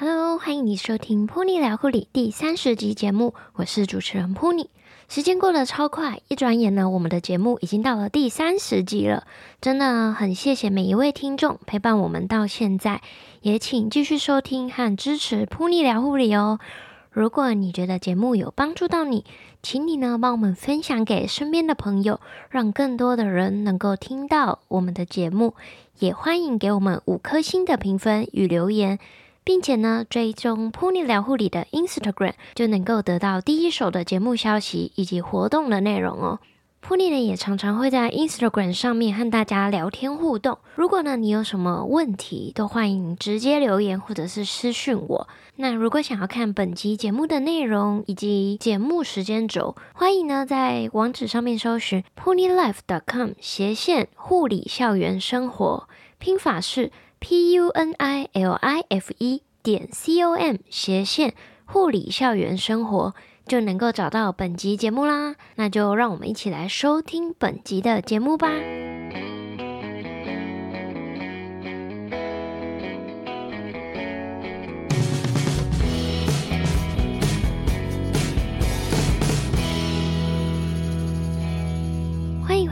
Hello，歡迎你收聽 Puni 聊護理第三十集節目，我是主持人 Puni。時間過得超快，一轉眼呢，我們的節目已經到了第三十集了，真的很謝謝每一位聽眾陪伴我們到現在，也請繼續收聽和支持 Puni 聊護理哦。如果你覺得節目有幫助到你，請你呢幫我們分享給身邊的朋友，讓更多的人能夠聽到我們的節目，也歡迎給我們五顆星的評分與留言。並且呢，追蹤噗妮聊護理的 Instagram 就能夠得到第一手的節目消息以及活動的內容哦。噗妮呢，也常常會在 Instagram 上面和大家聊天互動。如果呢，你有什麼問題，都歡迎直接留言或者是私訊我。那如果想要看本期節目的內容以及節目時間軸，歡迎呢在網址上面搜尋 punilife.com 斜線護理校園生活，拼法是 p u n i l i f e 點 c o m 斜線護理校園生活，就能夠找到本集節目啦。那就讓我們一起來收聽本集的節目吧。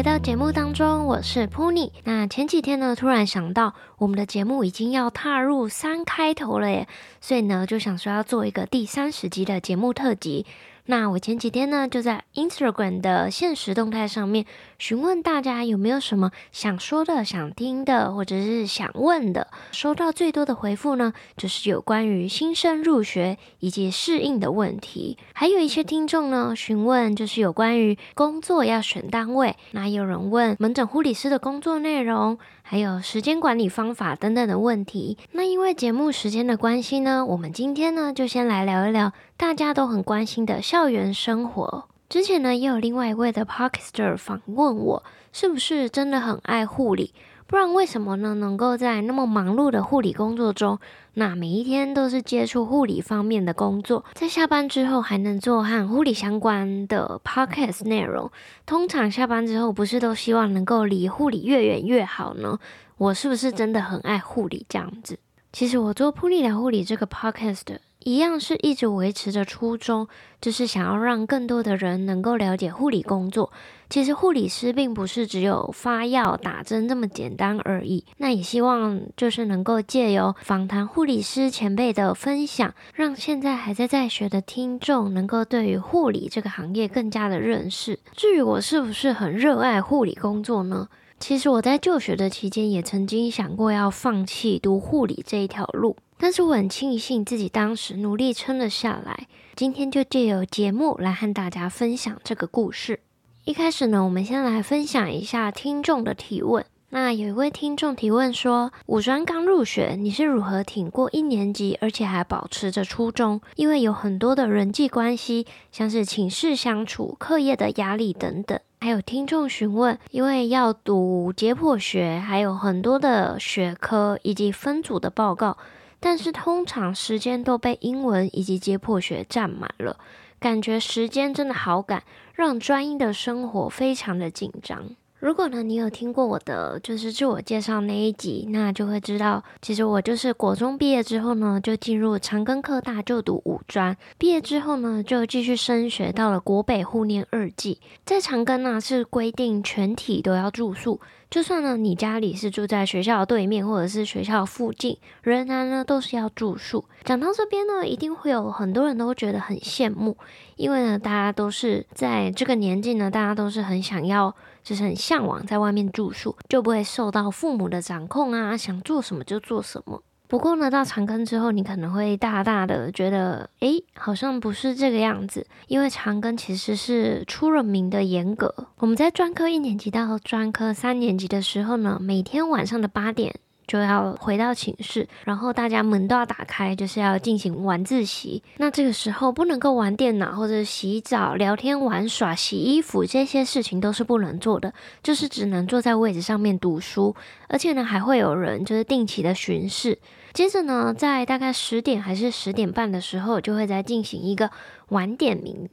來到節目當中，我是 Puni。那前幾天呢，突然想到我們的節目已經要踏入三開頭了耶，所以呢，就想說要做一個第三十集的節目特輯。那我前幾天呢，就在 Instagram 的限時動態上面詢問大家有沒有什麼想說的、想聽的，或者是想問的。收到最多的回覆呢，就是有關於新生入學以及適應的問題。還有一些聽眾呢，詢問就是有關於工作要選單位。那有人問門診護理師的工作內容，還有時間管理方法等等的問題。那因為節目時間的關係呢，我們今天呢就先來聊一聊，大家都很關心的校園生活，之前呢也有另外一位的 Podcaster 訪問我，是不是真的很愛護理？不然為什麼呢？能夠在那麼忙碌的護理工作中，那每一天都是接觸護理方面的工作，在下班之後還能做和護理相關的 Podcast 內容。通常下班之後不是都希望能夠離護理越遠越好呢？我是不是真的很愛護理這樣子？其實我做噗妮聊護理這個 Podcaster。一樣是一直維持着初衷，就是想要讓更多的人能夠了解護理工作。其實護理師並不是只有發藥、打針這麼簡單而已。那也希望就是能夠借由訪談護理師前輩的分享，讓現在還在在學的聽眾能夠對於護理這個行業更加的認識。至於我是不是很熱愛護理工作呢？其實我在就學的期間，也曾經想過要放棄讀護理這一條路，但是我很慶幸自己當時努力撐了下來。今天就借由節目來和大家分享這個故事。一開始呢，我們先來分享一下聽眾的提問。那有一位聽眾提問說，五專剛入學，你是如何挺過一年級，而且還保持着初衷？因為有很多的人際關係，像是寢室相處、課業的壓力等等。還有聽眾詢問，因為要讀解剖學，還有很多的學科以及分組的報告，但是通常時間都被英文以及解剖學佔滿了，感覺時間真的好趕，讓專一的生活非常的緊張。如果呢，你有聽過我的就是自我介紹那一集，那就會知道，其實我就是國中畢業之後呢，就進入長庚科大就讀五專，畢業之後呢，就繼續升學到了國北護念二技。在長庚呢，是規定全體都要住宿，就算呢你家裡是住在學校的對面或者是學校的附近，仍然呢都是要住宿。講到這邊呢，一定會有很多人都覺得很羨慕，因為呢，大家都是在這個年紀呢，大家都是很想要。就是很嚮往在外面住宿，就不會受到父母的掌控啊，想做什麼就做什麼。不過呢，到長庚之後，你可能會大大的覺得，哎，好像不是這個樣子，因為長庚其實是出了名的嚴格。我們在專科一年級到專科三年級的時候呢，每天晚上的八點，就要回到寢室，然後大家門都要打開，就是要進行晚自習。那這個時候不能夠玩電腦或者洗澡、聊天、玩耍、洗衣服這些事情都是不能做的，就是只能坐在位置上面讀書。而且呢，還會有人就是定期的巡視。接着呢，在大概十點還是十點半的時候，就會再進行一個晚點名。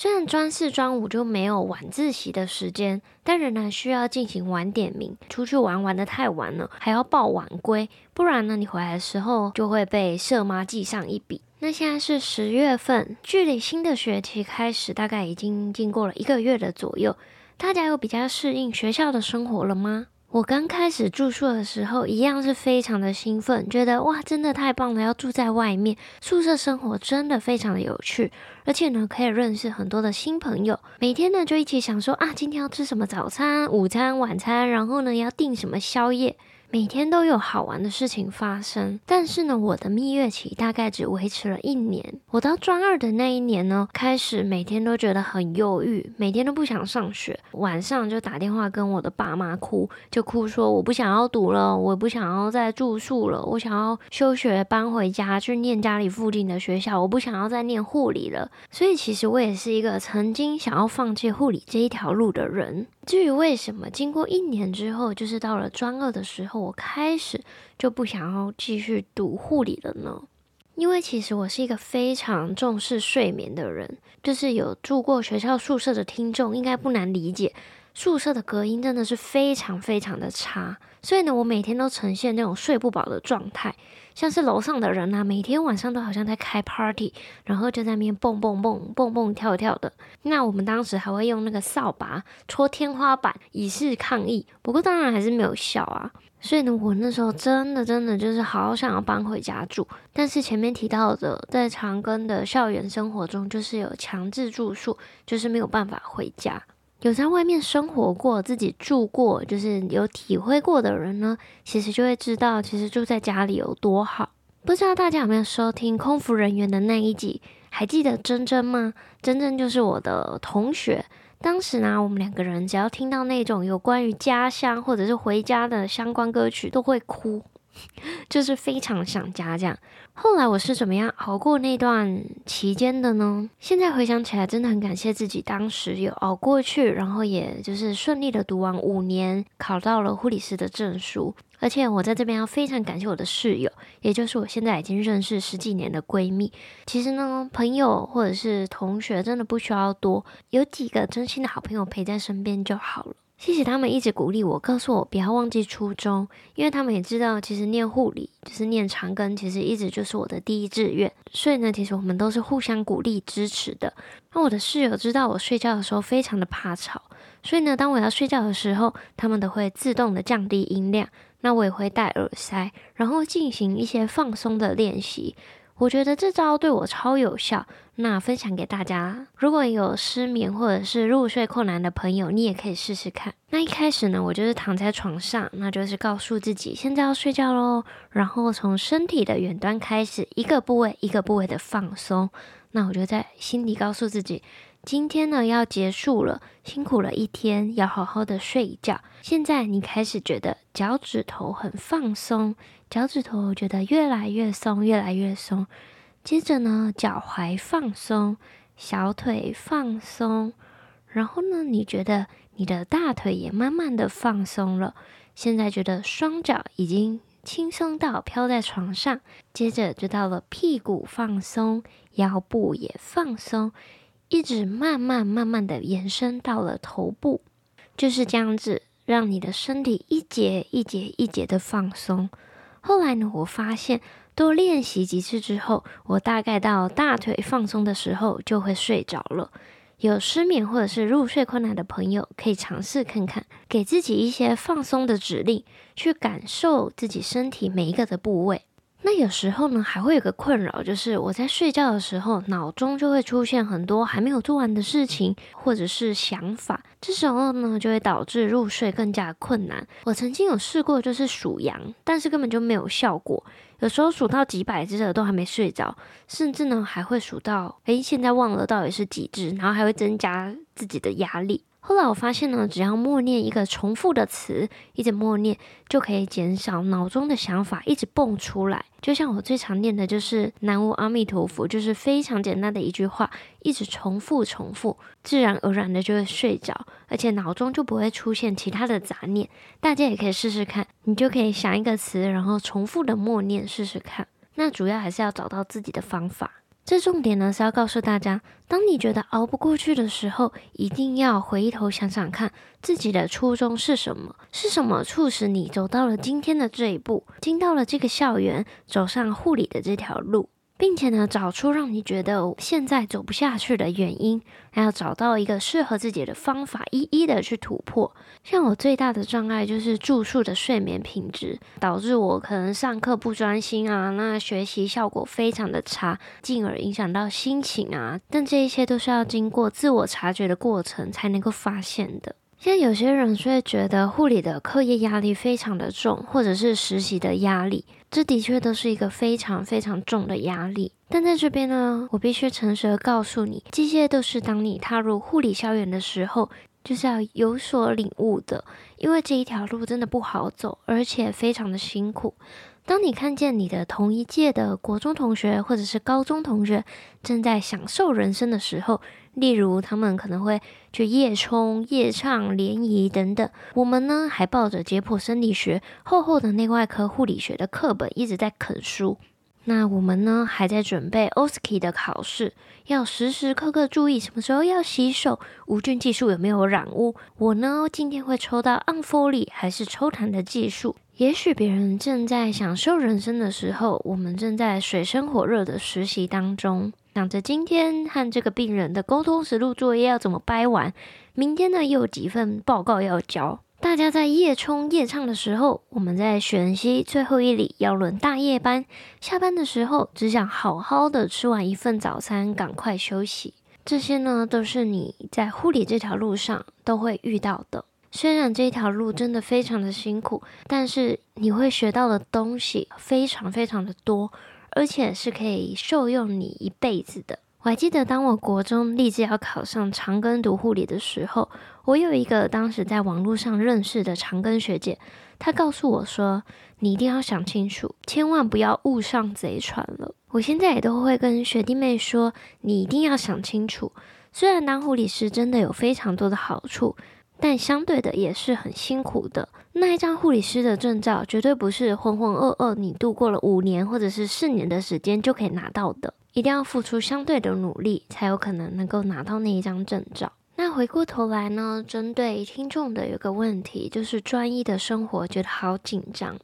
雖然專四、專五就沒有晚自習的時間，但仍然需要進行晚點名。出去玩玩得太晚了，還要報晚歸，不然呢，你回來的時候就會被舍媽記上一筆。那現在是十月份，距離新的學期開始大概已經經過了一個月的左右，大家有比較適應學校的生活了嗎？我剛開始住宿的時候，一樣是非常的興奮，覺得哇，真的太棒了，要住在外面，宿舍生活真的非常的有趣，而且呢，可以認識很多的新朋友，每天呢就一起想說啊，今天要吃什麼早餐、午餐、晚餐，然後呢要訂什麼宵夜。每天都有好玩的事情發生，但是呢，我的蜜月期大概只維持了一年。我到專二的那一年呢，開始每天都覺得很憂鬱，每天都不想上學，晚上就打電話跟我的爸媽哭，就哭說我不想要讀了，我不想要再住宿了，我想要休學，搬回家去念家裡附近的學校，我不想要再念護理了。所以其實我也是一個曾經想要放棄護理這一條路的人。至於為什麼，經過一年之後，就是到了專二的時候。我開始就不想要繼續讀護理了呢，因為其實我是一個非常重視睡眠的人，就是有住過學校宿舍的聽眾應該不難理解，宿舍的隔音真的是非常非常的差，所以呢，我每天都呈現那種睡不飽的狀態，像是樓上的人啊，每天晚上都好像在開 party，然後就在那邊蹦蹦蹦蹦蹦跳跳的，那我們當時還會用那個掃把戳天花板以示抗議，不過當然還是沒有效啊。所以呢，我那時候真的真的就是好想要搬回家住，但是前面提到的，在長庚的校園生活中，就是有強制住宿，就是沒有辦法回家。有在外面生活過、自己住過、就是有體會過的人呢，其實就會知道，其實住在家裡有多好。不知道大家有沒有收聽《空服人員》的那一集？還記得珍珍嗎？珍珍就是我的同學。當時呢，我們兩個人只要聽到那種有關於家鄉或者是回家的相關歌曲，都會哭，就是非常想家這樣。後來我是怎麼樣熬過那段期間的呢？現在回想起來，真的很感謝自己當時有熬過去，然後也就是順利的讀完五年，考到了護理師的證書。而且我在這邊要非常感謝我的室友，也就是我現在已經認識十幾年的閨蜜。其實呢，朋友或者是同學真的不需要多，有幾個真心的好朋友陪在身邊就好了。謝謝他們一直鼓勵我，告訴我不要忘記初衷，因為他們也知道，其實念護理就是念長庚，其實一直就是我的第一志願。所以呢，其實我們都是互相鼓勵支持的。那我的室友知道我睡覺的時候非常的怕吵。所以呢，當我要睡覺的時候，它們都會自動的降低音量。那我也會戴耳塞，然後進行一些放鬆的練習。我覺得這招對我超有效，那分享給大家。如果有失眠或者是入睡困難的朋友，你也可以試試看。那一開始呢，我就是躺在床上，那就是告訴自己現在要睡覺嘍。然後從身體的遠端開始，一個部位一個部位的放鬆。那我就在心裡告訴自己。今天呢，要結束了，辛苦了一天，要好好的睡一覺。現在你開始覺得腳趾頭很放鬆，腳趾頭覺得越來越鬆，越來越鬆。接着呢，腳踝放鬆，小腿放鬆，然後呢，你覺得你的大腿也慢慢的放鬆了。現在覺得雙腳已經輕鬆到飄在床上，接着就到了屁股放鬆，腰部也放鬆。一直慢慢慢慢的延伸到了頭部，就是這樣子，讓你的身體一節一節一節的放鬆。後來呢，我發現多練習幾次之後，我大概到大腿放鬆的時候就會睡着了。有失眠或者是入睡困難的朋友，可以嘗試看看，給自己一些放鬆的指令，去感受自己身體每一個的部位。那有時候呢，還會有個困擾，就是我在睡覺的時候，腦中就會出現很多還沒有做完的事情，或者是想法。這時候呢，就會導致入睡更加困難。我曾經有試過，就是數羊，但是根本就沒有效果。有時候數到幾百隻的都還沒睡着，甚至呢，還會數到，哎，現在忘了到底是幾隻，然後還會增加自己的壓力。後來我發現呢，只要默念一個重複的詞，一直默念就可以減少腦中的想法一直蹦出來。就像我最常念的就是南無阿彌陀佛，就是非常簡單的一句話，一直重複重複，自然而然的就會睡着，而且腦中就不會出現其他的雜念。大家也可以試試看，你就可以想一個詞，然後重複的默念試試看。那主要還是要找到自己的方法。這重點呢，是要告訴大家，當你覺得熬不過去的時候，一定要回頭想想看，自己的初衷是什麼？是什麼促使你走到了今天的這一步，進到了這個校園，走上護理的這條路。並且呢，找出讓你覺得現在走不下去的原因，還要找到一個適合自己的方法，一一的去突破。像我最大的障礙就是住宿的睡眠品質，導致我可能上課不專心啊，那學習效果非常的差，進而影響到心情啊。但這一切都是要經過自我察覺的過程才能夠發現的。像有些人會覺得護理的課業壓力非常的重，或者是實習的壓力。這的確都是一個非常非常重的壓力，但在這邊呢，我必須誠實的告訴你，這些都是當你踏入護理校園的時候，就是要有所領悟的，因為這一條路真的不好走，而且非常的辛苦。當你看見你的同一屆的國中同學或者是高中同學正在享受人生的時候，例如，他們可能會去夜衝、夜唱、聯誼等等。我們呢，還抱着解剖生理學、厚厚的內外科護理學的課本一直在啃書。那我們呢，還在準備 OSCE 的考試，要時時刻刻注意什麼時候要洗手，無菌技術有沒有染污？我呢，今天會抽到 on Foley 還是抽痰的技術。也許別人正在享受人生的時候，我們正在水深火熱的實習當中。想着今天和這個病人的溝通實錄作業要怎麼掰完，明天呢又有幾份報告要交。大家在夜衝夜唱的時候，我們在學習最後一里要輪大夜班。下班的時候只想好好的吃完一份早餐，趕快休息。這些呢都是你在護理這條路上都會遇到的。雖然這條路真的非常的辛苦，但是你會學到的東西非常非常的多。而且是可以受用你一輩子的。我還記得，當我國中立志要考上長庚讀護理的時候，我有一個當時在網絡上認識的長庚學姐，她告訴我說：“你一定要想清楚，千萬不要誤上賊船了。”我現在也都會跟學弟妹說：“你一定要想清楚。”雖然當護理師真的有非常多的好處。但相對的也是很辛苦的，那一張護理師的證照絕對不是渾渾噩噩你度過了五年或者是四年的時間就可以拿到的，一定要付出相對的努力才有可能能夠拿到那一張證照。那回過頭來呢，針對聽眾的有個問題，就是專一的生活覺得好緊張。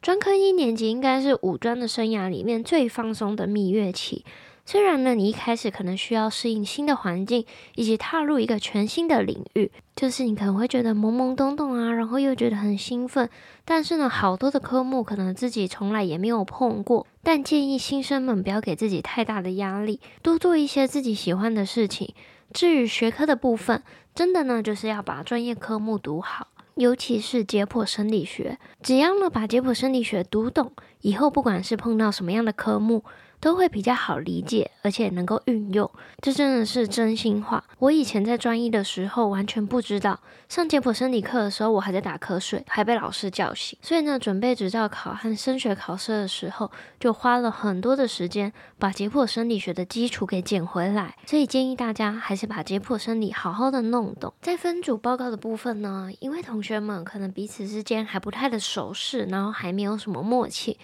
專科一年級應該是五專的生涯裡面最放鬆的蜜月期。雖然呢，你一開始可能需要適應新的環境，以及踏入一個全新的領域，就是你可能會覺得懵懵懂懂啊，然後又覺得很興奮。但是呢，好多的科目可能自己從來也沒有碰過。但建議新生們不要給自己太大的壓力，多做一些自己喜歡的事情。至於學科的部分，真的呢，就是要把專業科目讀好，尤其是解剖生理學。只要呢，把解剖生理學讀懂，以後不管是碰到什麼樣的科目，都會比較好理解，而且能夠運用，這真的是真心話。我以前在專一的時候完全不知道，上解剖生理課的時候我還在打瞌睡，還被老師叫醒。所以呢，準備執照考和升學考試的時候，就花了很多的時間把解剖生理學的基礎給撿回來。所以建議大家還是把解剖生理好好的弄懂。在分組報告的部分呢，因為同學們可能彼此之間還不太的熟識，然後還沒有什麼默契。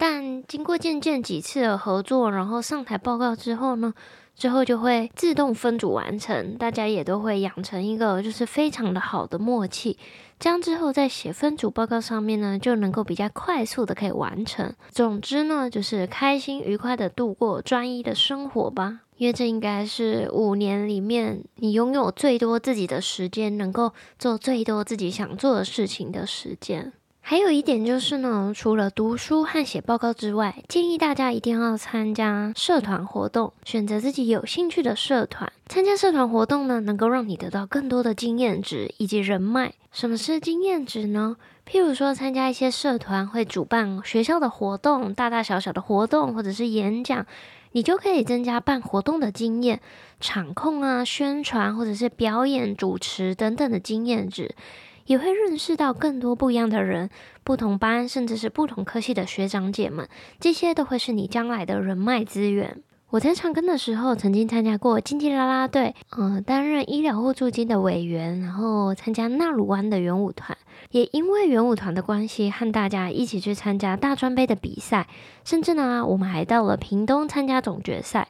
但經過漸漸幾次的合作，然後上台報告之後呢，之後就會自動分組完成，大家也都會養成一個就是非常的好的默契，這樣之後在寫分組報告上面呢，就能夠比較快速的可以完成。總之呢，就是開心愉快的度過專一的生活吧，因為這應該是五年裡面你擁有最多自己的時間，能夠做最多自己想做的事情的時間。還有一點就是呢，除了讀書和寫報告之外，建議大家一定要參加社團活動，選擇自己有興趣的社團。參加社團活動呢，能夠讓你得到更多的經驗值以及人脈。什麼是經驗值呢？譬如說，參加一些社團會主辦學校的活動，大大小小的活動或者是演講，你就可以增加辦活動的經驗、場控啊、宣傳或者是表演主持等等的經驗值。也會認識到更多不一樣的人，不同班甚至是不同科系的學長姐們，這些都會是你將來的人脈資源。我在長庚的時候，曾經參加過競技啦啦隊，嗯、呃，擔任醫療互助金的委員，然後參加納魯灣的原舞團，也因為原舞團的關係，和大家一起去參加大專盃的比賽，甚至呢，我們還到了屏東參加總決賽。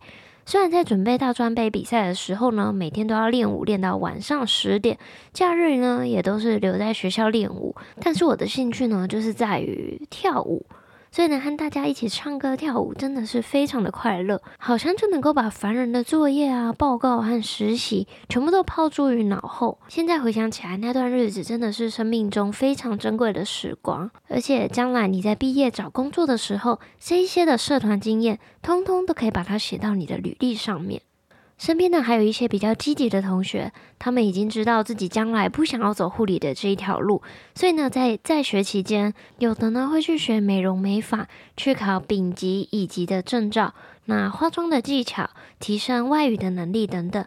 雖然在準備大專杯比賽的時候呢，每天都要練舞練到晚上十點，假日呢也都是留在學校練舞，但是我的興趣呢就是在於跳舞，所以呢，和大家一起唱歌跳舞，真的是非常的快樂，好像就能夠把煩人的作業啊、報告和實習全部都拋諸於腦後。現在回想起來，那段日子真的是生命中非常珍貴的時光，而且將來你在畢業找工作的時候，這一些的社團經驗，通通都可以把它寫到你的履歷上面。身邊呢，還有一些比較積極的同學，他們已經知道自己將來不想要走護理的這一條路，所以呢，在在學期間，有的呢會去學美容美髮，去考丙級、乙級的證照，那化妝的技巧，提升外語的能力等等。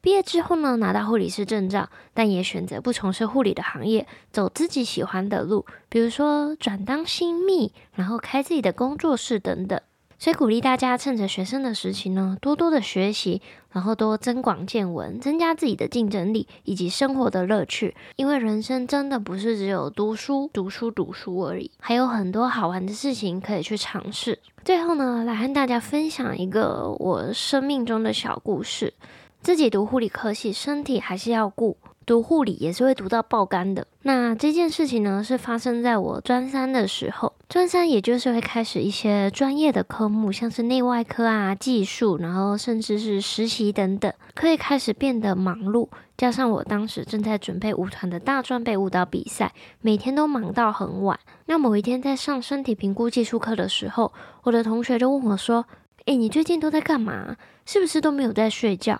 畢業之後呢，拿到護理師證照，但也選擇不從事護理的行業，走自己喜歡的路，比如說轉當新秘，然後開自己的工作室等等。所以鼓勵大家趁着學生的時期呢，多多的學習，然後多增廣見聞，增加自己的競爭力以及生活的樂趣。因為人生真的不是只有讀書、讀書、讀書而已，還有很多好玩的事情可以去嘗試。最後呢，來和大家分享一個我生命中的小故事。自己讀護理科系，身體還是要顧，讀護理也是會讀到爆肝的。那這件事情呢，是發生在我專三的時候。專三也就是會開始一些專業的科目，像是內外科啊、技術，然後甚至是實習等等，可以開始變得忙碌。加上我當時正在準備舞團的大專盃舞蹈比賽，每天都忙到很晚。那某一天在上身體評估技術課的時候，我的同學就問我說：“哎、欸，你最近都在幹嘛？是不是都沒有在睡覺？”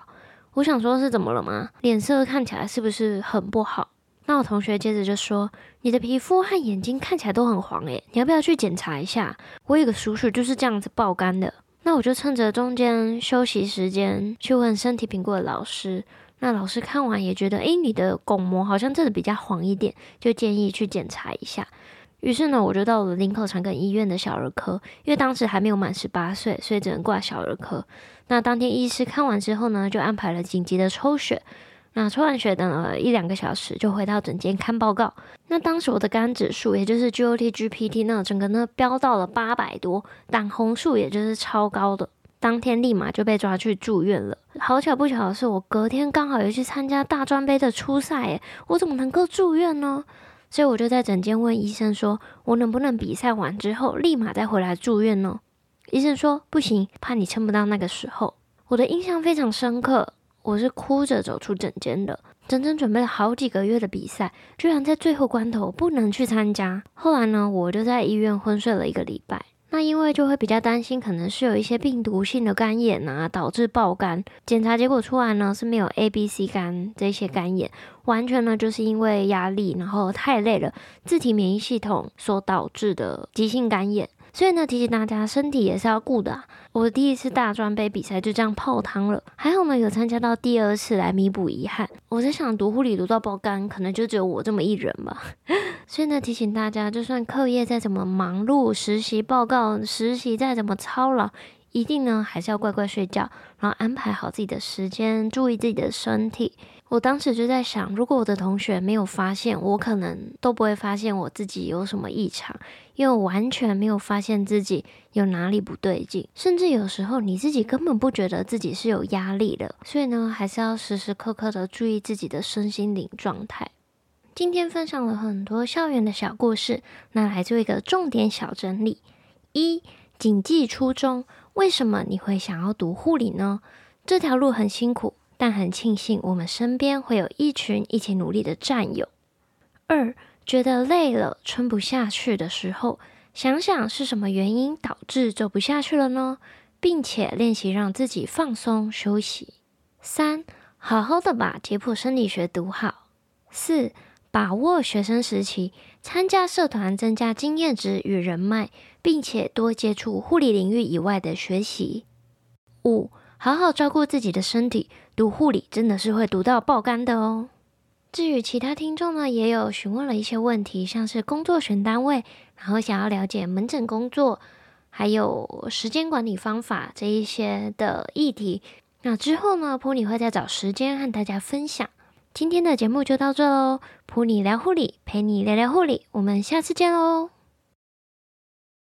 我想說是怎麼了嗎？臉色看起來是不是很不好？那我同學接着就說：“你的皮膚和眼睛看起來都很黃，誒，你要不要去檢查一下？”我有個叔叔就是這樣子爆肝的，那我就趁着中間休息時間去問身體評估的老師。那老師看完也覺得：“誒，你的鞏膜好像真的比較黃一點，就建議去檢查一下。”於是呢，我就到了林口長庚醫院的小兒科，因為當時還沒有滿十八歲，所以只能掛小兒科。那當天醫師看完之後呢，就安排了緊急的抽血。那抽完血等了一兩個小時，就回到診間看報告。那當時我的肝指數，也就是 GOT、GPT，那整個呢飆到了八百多，膽紅素也就是超高的，當天立馬就被抓去住院了。好巧不巧的是，我隔天剛好也去參加大專杯的初賽，誒，我怎麼能夠住院呢？所以我就在診間問醫生說：“我能不能比賽完之後立馬再回來住院呢？”醫生說：“不行，怕你撐不到那個時候。”我的印象非常深刻。我是哭着走出診間的，整整準備了好幾個月的比賽，居然在最後關頭不能去參加。後來呢，我就在醫院昏睡了一個禮拜。那因為就會比較擔心，可能是有一些病毒性的肝炎啊，導致爆肝。檢查結果出來呢，是沒有 A、B、C 肝這些肝炎，完全呢就是因為壓力，然後太累了，自體免疫系統所導致的急性肝炎。所以呢，提醒大家，身體也是要顧的啊。我第一次大專盃比賽就這樣泡湯了，還好呢，有參加到第二次來彌補遺憾。我在想，讀護理讀到爆肝，可能就只有我這麼一人吧。 所以呢，提醒大家，就算課業再怎麼忙碌，實習報告、實習再怎麼操勞，一定呢還是要乖乖睡覺，然後安排好自己的時間，注意自己的身體。我當時就在想，如果我的同學沒有發現，我可能都不會發現我自己有什麼異常，因為我完全沒有發現自己有哪裡不對勁，甚至有時候你自己根本不覺得自己是有壓力的。所以呢，還是要時時刻刻的注意自己的身心靈狀態。今天分享了很多校園的小故事，那來做一個重點小整理：一、謹記初衷，為什麼你會想要讀護理呢？這條路很辛苦。但很慶幸，我們身邊會有一群一起努力的戰友。二，覺得累了、撐不下去的時候，想想是什麼原因導致走不下去了呢？並且練習讓自己放鬆、休息。三，好好的把解剖生理學讀好。四，把握學生時期，參加社團，增加經驗值與人脈，並且多接觸護理領域以外的學習。五。好好照顧自己的身體，讀護理真的是會讀到爆肝的哦。至於其他聽眾呢，也有詢問了一些問題，像是工作選單位，然後想要了解門診工作，還有時間管理方法這一些的議題。那之後呢，噗妮會再找時間和大家分享。今天的節目就到這嘍。哦，噗妮聊護理，陪你聊聊護理，我們下次見嘍。